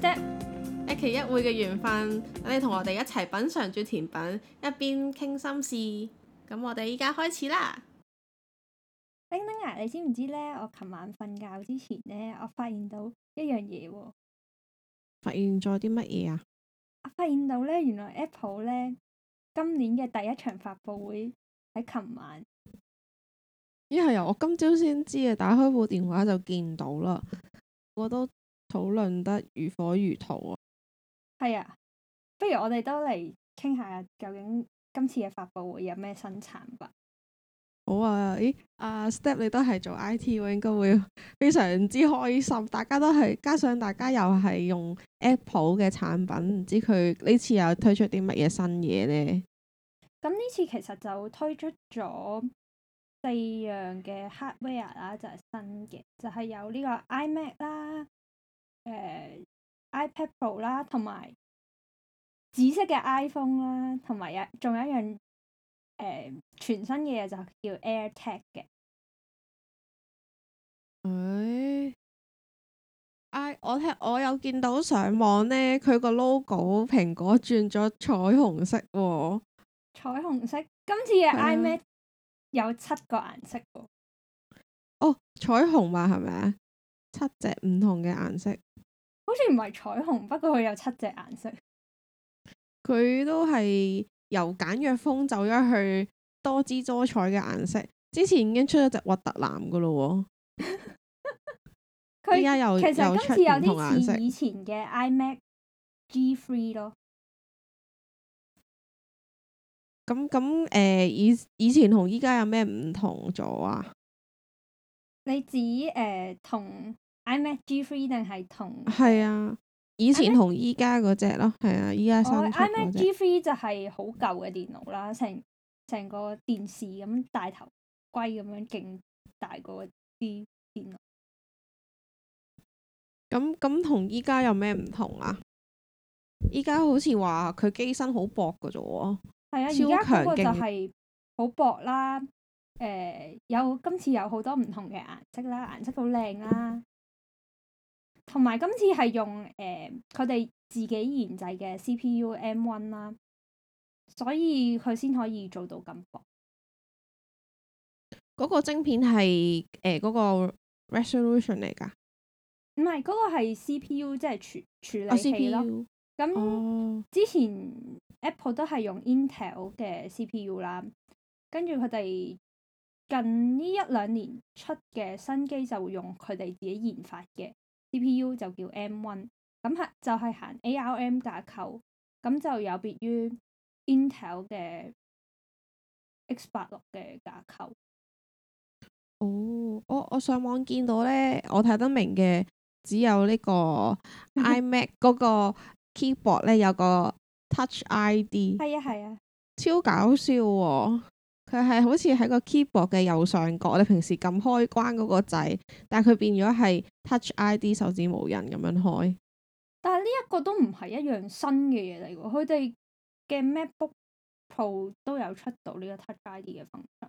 Step. 一期一會嘅緣分，等你同我哋一齊品嚐住甜品，一邊傾心事。咁我哋依家開始啦。丁丁啊，你知唔知呢？我琴晚瞓覺之前呢，我發現到一樣嘢喎。發現咗啲乜嘢啊？我發現到呢，原來 Apple 呢今年嘅第一場發佈會喺琴晚。咦係啊，我今朝先知啊，打開部電話就見到啦。我都。討論得如火如荼啊！係啊，不如我哋都嚟傾下，究竟今次嘅發佈會有咩新產品？好啊，咦，阿、uh, Step 你都係做 I T 喎，應該會非常之開心。大家都係，加上大家又係用 Apple 嘅產品，唔知佢呢次又推出啲乜嘢新嘢呢？咁呢次其實就推出咗四樣嘅 Hardware、就是就是、啦，就係新嘅，就係有呢個 iMac 啦。誒、嗯，iPad Pro 啦，同埋紫色嘅 iPhone 啦，同埋有仲有一樣誒、呃、全新嘅嘢就係叫 AirTag 嘅。誒，I、哎、我聽我有見到上網呢，佢個 logo 蘋果轉咗彩虹色喎、哦。彩虹色？今次嘅 iMac、啊、有七個顏色哦。哦，彩虹嘛，係咪啊？七隻唔同嘅顏色，好似唔係彩虹，不過佢有七隻顏色。佢都係由簡約風走咗去多姿多彩嘅顏色。之前已經出咗隻核突藍噶咯，佢而家又又出唔同顏色。以前嘅 iMac G3 咯。咁咁誒，以以前同依家有咩唔同咗啊？你指誒、呃、同 iMac G3 定係同？係啊，以前同依家嗰隻咯，係 MA 啊，依家三台嗰隻。Oh, iMac G3 就係好舊嘅電腦啦，成成個電視咁大頭龜，咁樣勁大個啲電腦。咁咁同依家有咩唔同啊？依家好似話佢機身好薄嘅啫喎。係啊，而家嗰個就係好薄啦。誒、呃、有今次有好多唔同嘅顏色啦，顏色好靚啦，同埋今次係用誒佢哋自己研製嘅 CPU M1 啦，所以佢先可以做到咁薄。嗰個晶片係誒嗰個 resolution 嚟㗎，唔係，嗰個係 CPU，即係處處理器咯。咁之前 Apple 都係用 Intel 嘅 CPU 啦，跟住佢哋。近呢一兩年出嘅新機就會用佢哋自己研發嘅 CPU 就叫 M1，咁就係行 ARM 架構，咁就有別於 Intel 嘅 X86 嘅架構。哦，我我上網見到呢，我睇得明嘅只有呢個 iMac 嗰 個 keyboard 呢，有個 Touch ID。係啊係啊，啊超搞笑喎！佢係好似喺個 keyboard 嘅右上角，你平時撳開關嗰個掣，但係佢變咗係 touch ID 手指冇印咁樣開。但係呢一個都唔係一樣新嘅嘢嚟喎，佢哋嘅 MacBook Pro 都有出到呢個 touch ID 嘅 function。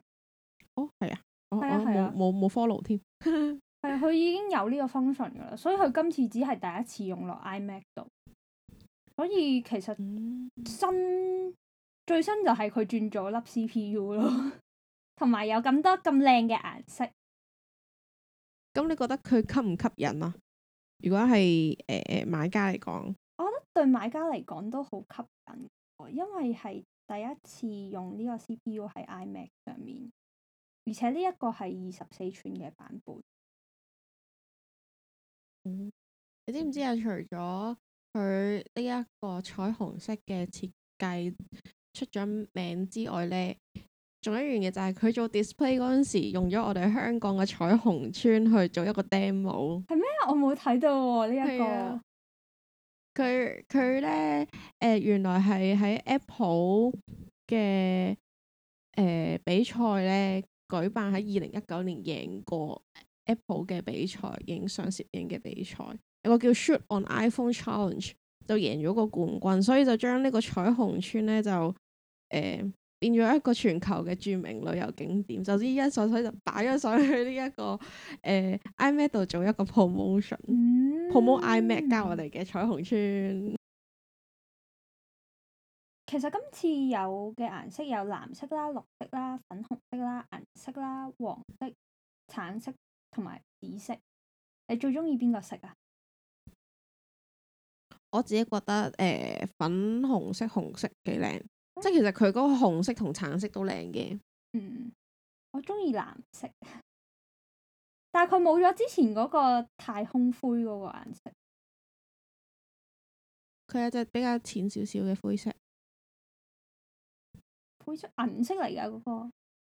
哦，係啊，我、哦、啊，冇冇 follow 添。係啊，佢已經有呢個 function 㗎啦，所以佢今次只係第一次用落 iMac 度。所以其實新。嗯最新就係佢轉咗粒 CPU 咯，同埋有咁多咁靚嘅顏色。咁你覺得佢吸唔吸引啊？如果係誒誒買家嚟講，我覺得對買家嚟講都好吸引，因為係第一次用呢個 CPU 喺 iMac 上面，而且呢一個係二十四寸嘅版本。嗯，你知唔知啊？除咗佢呢一個彩虹色嘅設計。出咗名之外呢，仲有一樣嘢就係佢做 display 嗰陣時，用咗我哋香港嘅彩虹村去做一個 demo。係咩？我冇睇到喎呢一個。佢佢咧，呃、原來係喺 Apple 嘅、呃、比賽呢，舉辦喺二零一九年，贏過 Apple 嘅比賽，影相攝影嘅比賽，有個叫 Shoot on iPhone Challenge。就贏咗個冠軍，所以就將呢個彩虹村咧就誒、呃、變咗一個全球嘅著名旅遊景點。就依一所水，就擺咗上去呢、這、一個誒、呃、iMac 度做一個 promotion，promo、嗯、tion iMac 加我哋嘅彩虹村。嗯嗯、 其實今次有嘅顏色有藍色啦、綠色啦、粉紅色啦、銀色啦、黃色、橙色同埋紫色。你最中意邊個色啊？.我自己覺得誒、呃、粉紅色、紅色幾靚，嗯、即係其實佢嗰個紅色同橙色都靚嘅。嗯，我中意藍色，但係佢冇咗之前嗰個太空灰嗰個顏色。佢有隻比較淺少少嘅灰色，灰色銀色嚟㗎，嗰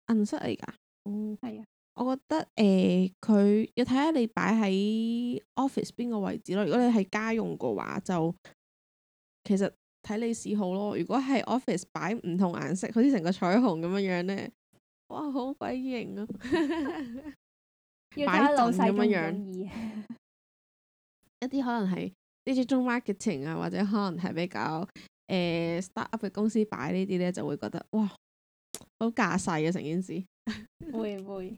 個銀色嚟㗎。嗯，係啊。我覺得誒，佢、呃、要睇下你擺喺 office 邊個位置咯。如果你係家用嘅話，就其實睇你嗜好咯。如果係 office 擺唔同顏色，好似成個彩虹咁樣樣咧，哇，好鬼型啊！擺晒咁樣樣， 一啲可能係呢啲 digital marketing 啊，或者可能係比較誒、呃、startup 嘅公司擺呢啲咧，就會覺得，哇好架勢啊，成件事。會 會。會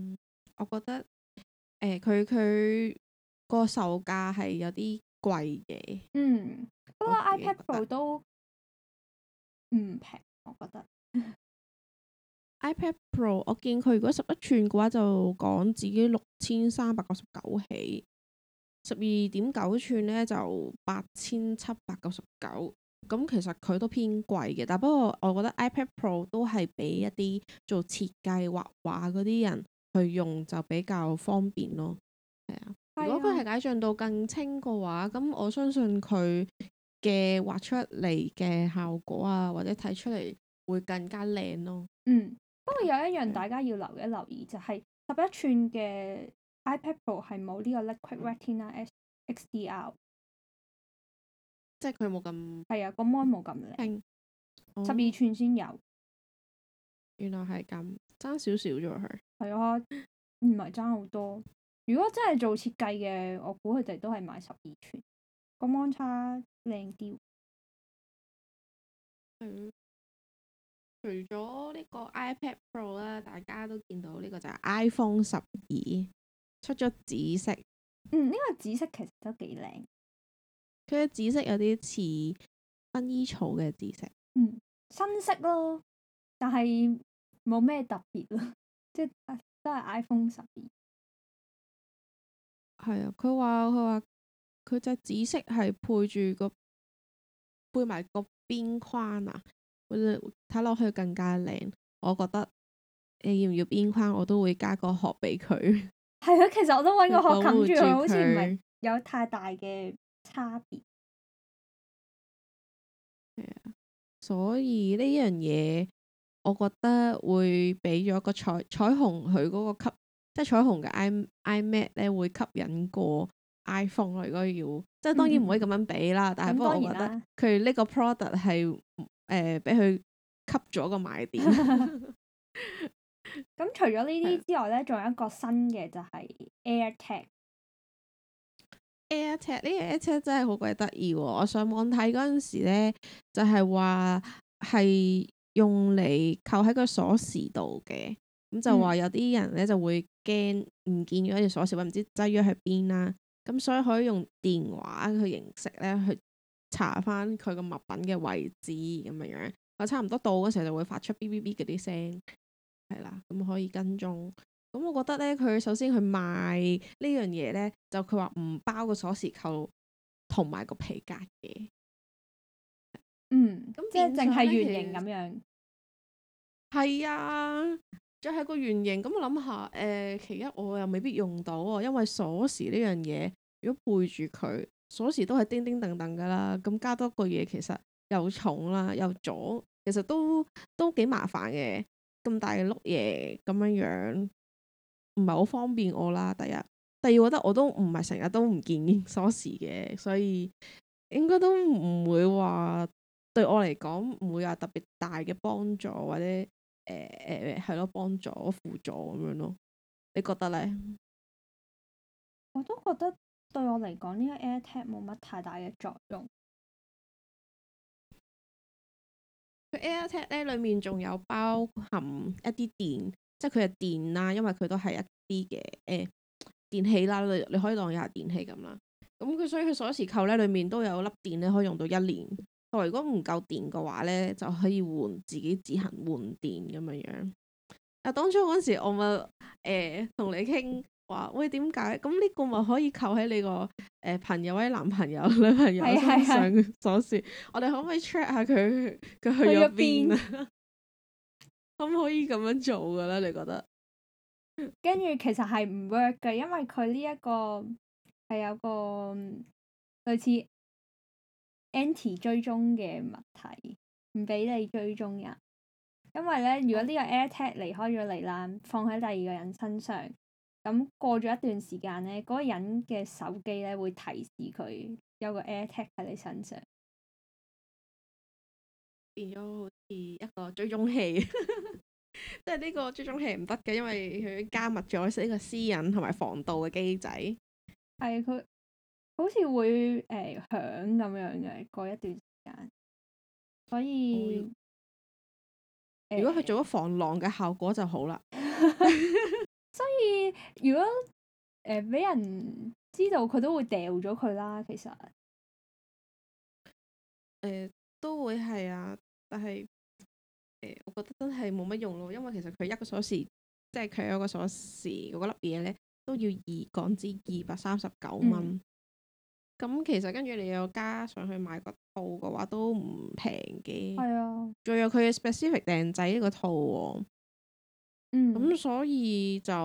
我覺得誒，佢、欸、佢個售價係有啲貴嘅、嗯嗯。嗯，不過 iPad Pro 都唔平，我覺得。iPad Pro，我見佢如果十一寸嘅話，就講自己六千三百九十九起；十二點九寸呢，就八千七百九十九。咁其實佢都偏貴嘅，但不過我覺得 iPad Pro 都係俾一啲做設計、畫畫嗰啲人。去用就比較方便咯，係、啊、如果佢係解像度更清嘅話，咁我相信佢嘅畫出嚟嘅效果啊，或者睇出嚟會更加靚咯。嗯，不過有一樣大家要留一留意、啊、就係十一寸嘅 iPad Pro 係冇呢個 Liquid Retina X XDR，即係佢冇咁係啊，個 mon 冇咁靚，十二寸先有。原來係咁，爭少少咗佢。係 啊，唔係爭好多。如果真係做設計嘅，我估佢哋都係買十二寸，個 mon 差靚啲。除咗呢個 iPad Pro 啦，大家都見到呢個就係 iPhone 十二出咗紫色。嗯，呢、呢個紫色其實都幾靚。佢嘅紫色有啲似薰衣草嘅紫色。嗯，新色咯，但係，冇咩特別咯，即係都係 iPhone 十二係啊。佢話佢話佢隻紫色係配住個配埋個邊框啊，睇落去更加靚。我覺得你要唔要邊框，我都會加個殼俾佢。係啊，其實我都揾個殼冚住佢，好似唔係有太大嘅差別，係啊。所以呢樣嘢。我覺得會俾咗個彩彩虹，佢嗰個吸，即係彩虹嘅 i iMac 咧會吸引過 iPhone 咯。如果要，即係當然唔可以咁樣俾啦。嗯、但係是、嗯、不過我覺得佢呢個 product 係誒俾佢吸咗個賣點。咁除咗呢啲之外咧，仲有一個新嘅就係 AirTag。嗯、AirTag 呢個 AirTag 真係好鬼得意。我上網睇嗰陣時咧，就係話係。用嚟扣喺個鎖匙度嘅，咁就話有啲人咧就會驚唔見咗條鎖匙，或者唔知擠咗喺邊啦，咁所以可以用電話去形式咧去查翻佢個物品嘅位置咁樣樣，我差唔多到嗰時候就會發出嗶嗶嗶嗰啲聲，係啦，咁可以跟蹤。咁我覺得咧佢首先去賣呢樣嘢咧，就佢話唔包個鎖匙扣同埋個皮夾嘅。嗯，咁即係淨係圓形咁樣其實，係啊，就係、是、個圓形，咁我諗下，誒、呃，其一我又未必用到，因為鎖匙呢樣嘢，如果背住佢，鎖匙都係叮叮噔噔噶啦，咁加多個嘢其實又重啦，又阻，其實都都幾麻煩嘅，咁大嘅碌嘢咁樣樣，唔係好方便我啦。第一，第二，我覺得我都唔係成日都唔見鎖匙嘅，所以應該都唔會話。嚟講唔會話特別大嘅幫助或者誒誒係咯，幫助輔助咁樣咯，你覺得咧？我都覺得對我嚟講呢個 AirTag 冇乜太大嘅作用。佢 AirTag 咧裏面仲有包含一啲電，即係佢係電啦，因為佢都係一啲嘅誒電器啦，你你可以當一下電器咁啦。咁佢所以佢鎖匙扣咧裏面都有粒電咧，可以用到一年。如果唔夠電嘅話咧，就可以換自己自行換電咁樣樣。啊，當初嗰時我咪誒同你傾話，喂，點解咁呢個咪可以扣喺你個誒、欸、朋友、或者男朋友、女朋友身上鎖匙？是是是我哋可唔可以 check 下佢佢去咗邊？ 可唔可以咁樣做噶咧？你覺得？跟住其實係唔 work 嘅，因為佢呢、這個、一個係有個類似。Anti 追蹤嘅物體，唔俾你追蹤人。因為咧，如果呢個 AirTag 離開咗你啦，放喺第二個人身上，咁過咗一段時間咧，嗰、那個人嘅手機咧會提示佢有個 AirTag 喺你身上，變咗好似一個追蹤器。即係呢個追蹤器唔得嘅，因為佢加密咗，係一個私隱同埋防盜嘅機制。係佢。好似會誒、呃、響咁樣嘅過一段時間，所以如果佢做咗防狼嘅效果就好啦。 所以如果誒俾、呃、人知道佢都會掉咗佢啦，其實誒、呃、都會係啊，但係、呃、我覺得真係冇乜用咯，因為其實佢一個鎖匙，即係佢有個鎖匙嗰粒嘢咧，都要以港紙二百三十九蚊。咁其實跟住你又加上去買個套嘅話，都唔平嘅。係啊，仲有佢嘅 specific 訂製呢個套喎、哦。嗯，咁所以就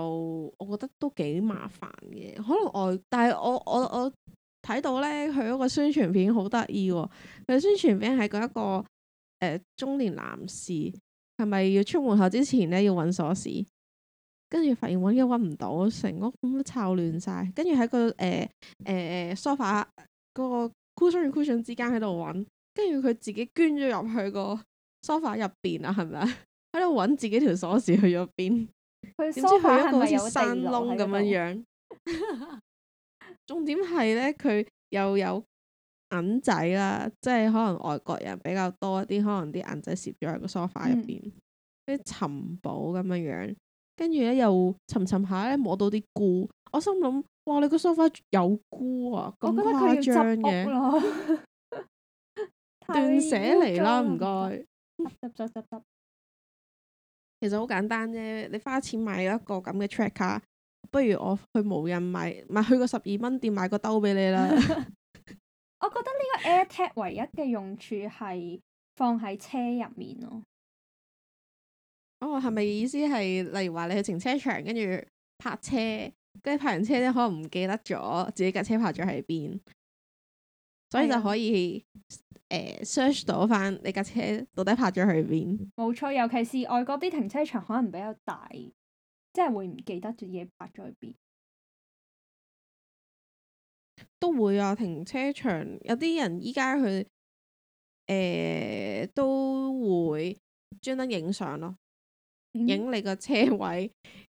我覺得都幾麻煩嘅。可能外，但係我我我睇到咧，佢嗰個宣傳片好得意喎。佢宣傳片喺一個誒、呃、中年男士，係咪要出門口之前咧要揾鎖匙？跟住發現搵嘅搵唔到，成屋咁都摷亂晒。跟住喺個誒誒誒梳化嗰個 cushion 與 cushion 之間喺度搵。跟住佢自己捐咗入去個梳化入邊啊，係咪啊？喺度搵自己條鎖匙去咗邊？佢點知去，梳去一個好似山窿咁樣樣？ 重點係呢，佢又有銀仔啦，即係可能外國人比較多一啲，可能啲銀仔攝咗喺個梳化入邊，啲尋寶咁樣樣。跟住咧又沉沉下咧摸到啲菇，我心諗，哇你個梳化有菇啊！咁誇張嘅斷捨離啦，唔該。 重其實好簡單啫，你花錢買一個咁嘅 tracker，不如我去無印買，買去個十二蚊店買個兜俾你啦。 我覺得呢個 AirTag 唯一嘅用處係放喺車入面咯。哦，係咪意思係，例如話你去停車場跟住泊車，跟住泊完車咧，可能唔記得咗自己架車泊咗喺邊，所以就可以誒 search 的、呃、到翻你架車到底泊咗喺邊。冇錯，尤其是外國啲停車場可能比較大，即係會唔記得住嘢泊咗喺邊。都會啊，停車場有啲人依家佢誒都會專登影相咯。影你個車位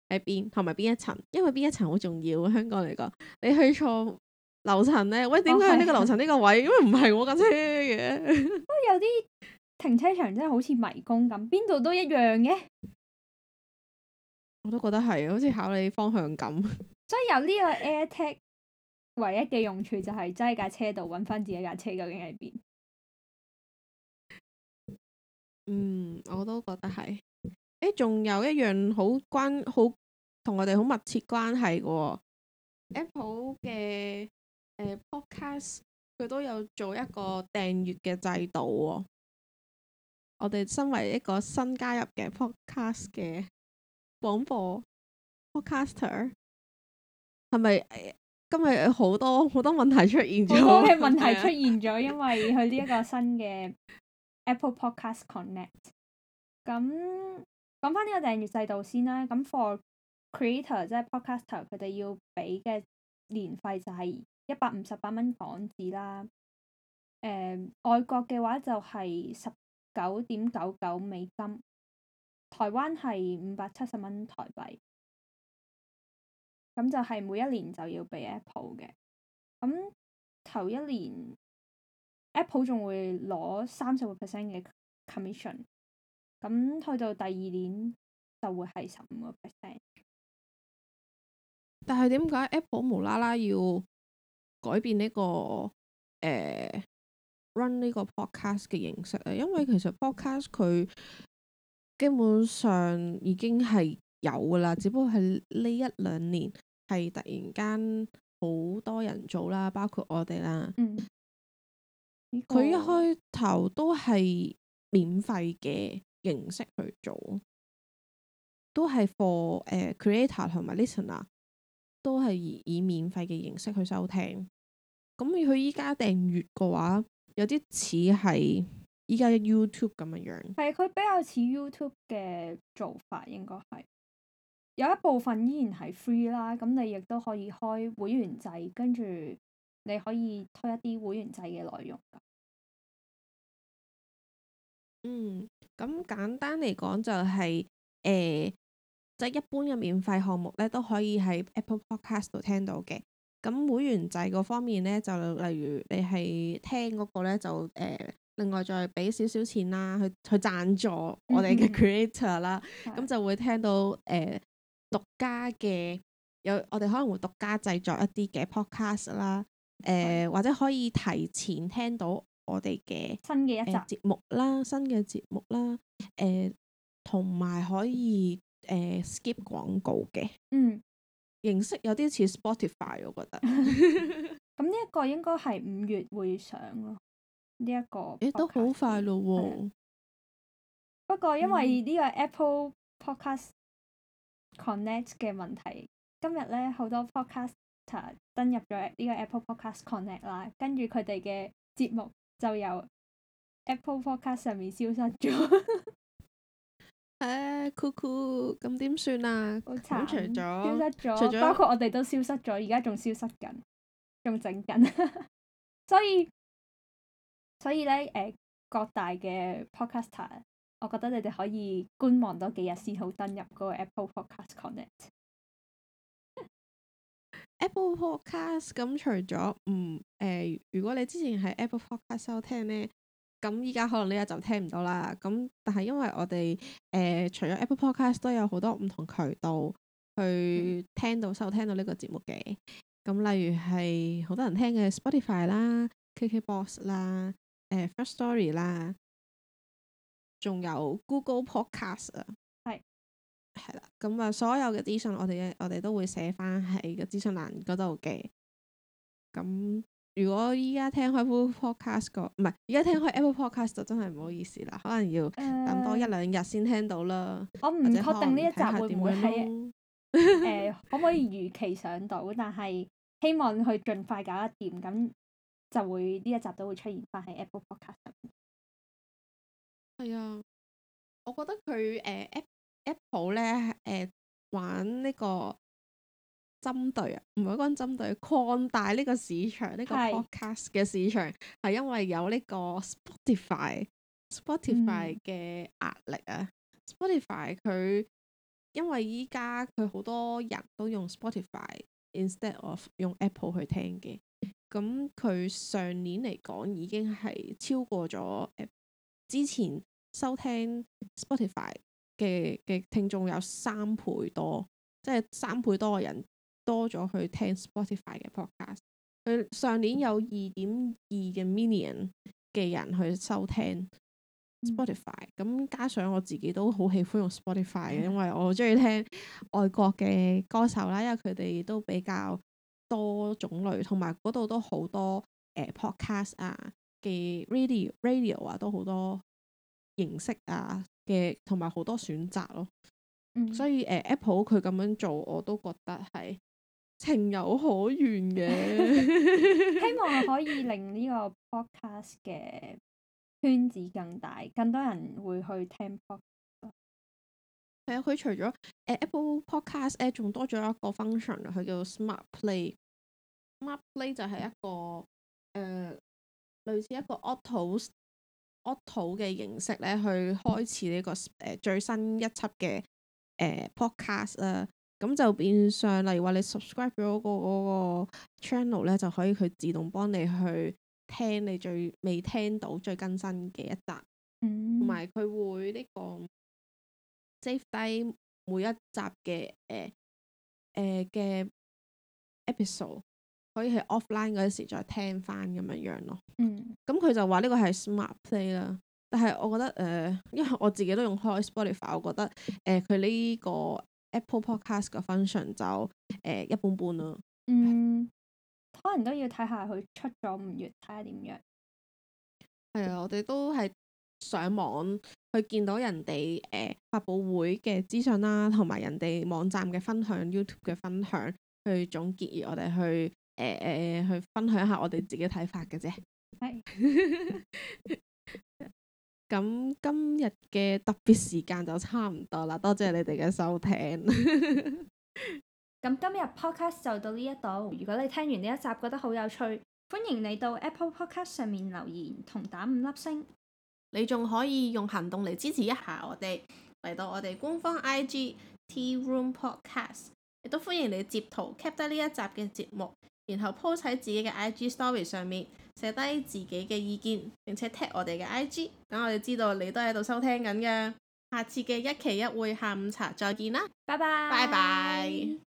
喺邊，同埋邊一層，因為邊一層好重要。香港嚟講，你去錯樓層咧，喂，點解喺呢個樓層呢個位？哦、是是因為唔係我架車嘅。不過、哦、有啲停車場真係好似迷宮咁，邊度都一樣嘅。我都覺得係，好似考你方向感。所以有呢個 AirTag，唯一嘅用處就係揸架車度搵翻自己架車究竟喺邊。嗯，我都覺得係。仲、欸、有一樣好關好同我哋好密切關係嘅、哦，Apple 嘅、呃、Podcast，佢都有做一個訂閱嘅制度、哦。我哋身為一個新加入嘅 Podcast 嘅廣播 Podcaster，係咪今日好多好多問題出現咗？好多問題出現咗，因為佢呢一個新嘅 Apple Podcast Connect 咁。講翻呢個訂閱制度先啦，咁 for creator 即係 podcaster，佢哋要俾嘅年費就係一百五十八蚊港紙啦。誒、呃，外國嘅話就係十九點九九美金，台灣係五百七十蚊台幣。咁就係每一年就要俾 Apple 嘅，咁頭一年 Apple 仲會攞三十個 percent 嘅 commission。咁去、嗯、到第二年就會係十五個 percent。但係點解 Apple 無啦啦要改變呢、呢個、呃、run 呢個 podcast 嘅形式啊？因為其實 podcast 佢基本上已經係有噶啦，只不過係呢一兩年係突然間好多人做啦，包括我哋啦。佢、嗯這個、一開頭都係免費嘅。形式去做，都係 for、uh, creator 同埋 listener，都係以免費嘅形式去收聽。咁佢依家訂閱嘅話，有啲似係依家嘅 YouTube 咁嘅樣。係，佢比較似 YouTube 嘅做法應該係有一部分依然係 free 啦。咁你亦都可以開會員制，跟住你可以推一啲會員制嘅內容。嗯，咁簡單嚟講就係、是、誒、即、呃、係、就是、一般嘅免費項目咧都可以喺 Apple Podcast 度聽到嘅。咁會員制嗰方面咧就例如你係聽嗰個咧就誒、呃，另外再俾少少錢啦，去去贊助我哋嘅 creator 啦，咁、嗯、就會聽到誒獨、呃、家嘅有我哋可能會獨家製作一啲嘅 podcast 啦，誒、呃嗯、或者可以提前聽到。我哋嘅新嘅一集節目啦，新嘅節目啦，誒同埋可以誒、呃、skip 廣告嘅，嗯，形式有啲似 Spotify，我覺得。咁呢一個應該係五月會上咯，呢、這、一個誒都好快咯。是嗯、不過因為呢個 Apple Podcast Connect 嘅問題，嗯、今日咧好多 Podcaster 登入咗呢個 Apple Podcast Connect 啦，跟住佢哋嘅節目。就由 Apple Podcast 上面消失咗、 uh，唉，酷酷，咁點算啊？好慘慘， 消失咗，了包括我哋都消失咗，而家仲消失緊，仲整緊，所以所以咧，誒、呃，各大嘅 Podcaster，我覺得你哋可以觀望多幾日先好登入嗰個 Apple Podcast Connect。Apple Podcast 咁除咗，嗯，誒、呃，如果你之前喺 Apple Podcast 收聽呢，咁依家，可能呢一集聽唔到啦。咁但係因為我哋誒、呃，除咗 Apple Podcast 都有好多唔同渠道去聽到收聽到呢個節目嘅。咁、嗯、例如係好多人聽嘅 Spotify 啦、KKBox 啦、誒、呃、Firstory 啦，仲有 Google Podcast 啊。係啦，咁啊、嗯，所有嘅資訊我哋我哋都會寫翻喺個資訊欄嗰度嘅。咁如果依家聽開 Apple Podcast 個，唔係而家聽開 Apple Podcast 就真係唔好意思啦，可能要等多一兩日先聽到啦。呃、我唔確定呢一集會唔會係誒、呃，可唔可以如期上到？ 但係希望佢盡快搞得掂，咁就會呢一集都會出現翻喺 Apple Podcast 上。係啊，我覺得佢誒 Apple。呃 Apple 咧，誒、欸，玩呢個針對啊，唔係講針對，擴大呢個市場，呢、這個 podcast 嘅市場係是因為有呢個 Spotify，Spotify 嘅壓力啊、嗯，Spotify 佢因為依家佢好多人都用 Spotify instead of 用 Apple 去聽嘅，咁佢上年嚟講已經係超過咗、欸、之前收聽 Spotify。嘅嘅聽眾有三倍多，即係三倍多嘅人多咗去聽 Spotify 嘅 podcast。佢上年有二點二嘅 million 嘅人去收聽 Spotify，咁、嗯、加上我自己都好喜歡用 Spotify，因為我好中意聽外國嘅歌手啦，因為佢哋都比較多種類，同埋嗰度都好多誒、呃、podcast 啊嘅 radio radio 啊都好多。形式啊嘅同埋好多選擇咯，所以誒 Apple 佢咁樣做我都覺得係情有可原嘅，希望可以令呢個 podcast 嘅圈子更大，更多人會去聽 podcast。係啊，佢除咗誒 Apple podcast 咧，仲多咗一個 function，佢叫 Smart Play。Smart Play 就係一個誒類似一個 auto。auto 嘅形式咧，去開始呢、呢個誒、呃、最新一輯嘅誒 podcast 啦，咁就變相例如話你 subscribe 咗、個嗰、個 channel 咧，就可以佢自動幫你去聽你最未聽到最更新嘅一集，嗯，同埋佢會呢、呢個 save 低每一集嘅誒誒嘅 episode。可以喺 offline 嗰時再聽翻咁樣樣咯。嗯，咁佢、嗯、就話呢個係 Smart Play 啦，但係我覺得誒、呃，因為我自己都用開 Spotify，我覺得誒佢呢個 Apple Podcast 嘅 function 就誒、呃、一般般咯。嗯，可能都要睇下佢出咗五月睇下點樣。係啊、嗯，我哋都係上網去見到人哋誒、呃、發布會嘅資訊啦，同埋人哋網站嘅分享、YouTube 嘅分享去總結而我哋去。誒誒、欸欸，去分享下我哋自己睇法嘅啫。係是，咁 今日嘅特別時間就差唔多啦，多謝你哋嘅收聽。咁 今日 podcast 就到呢一度。如果你聽完呢一集覺得好有趣，歡迎你到 Apple Podcast 上面留言同打五粒星。你仲可以用行動嚟支持一下我哋，嚟到我哋官方 IG Tea Room Podcast，亦都歡迎你截圖 keep 得呢一集嘅節目。然後鋪喺自己嘅 I G Story 上面，寫低自己嘅意見，並且 tag 我哋嘅 I G，等我哋知道你都喺度收聽緊嘅。下次嘅一期一會下午茶再見啦，拜拜拜拜。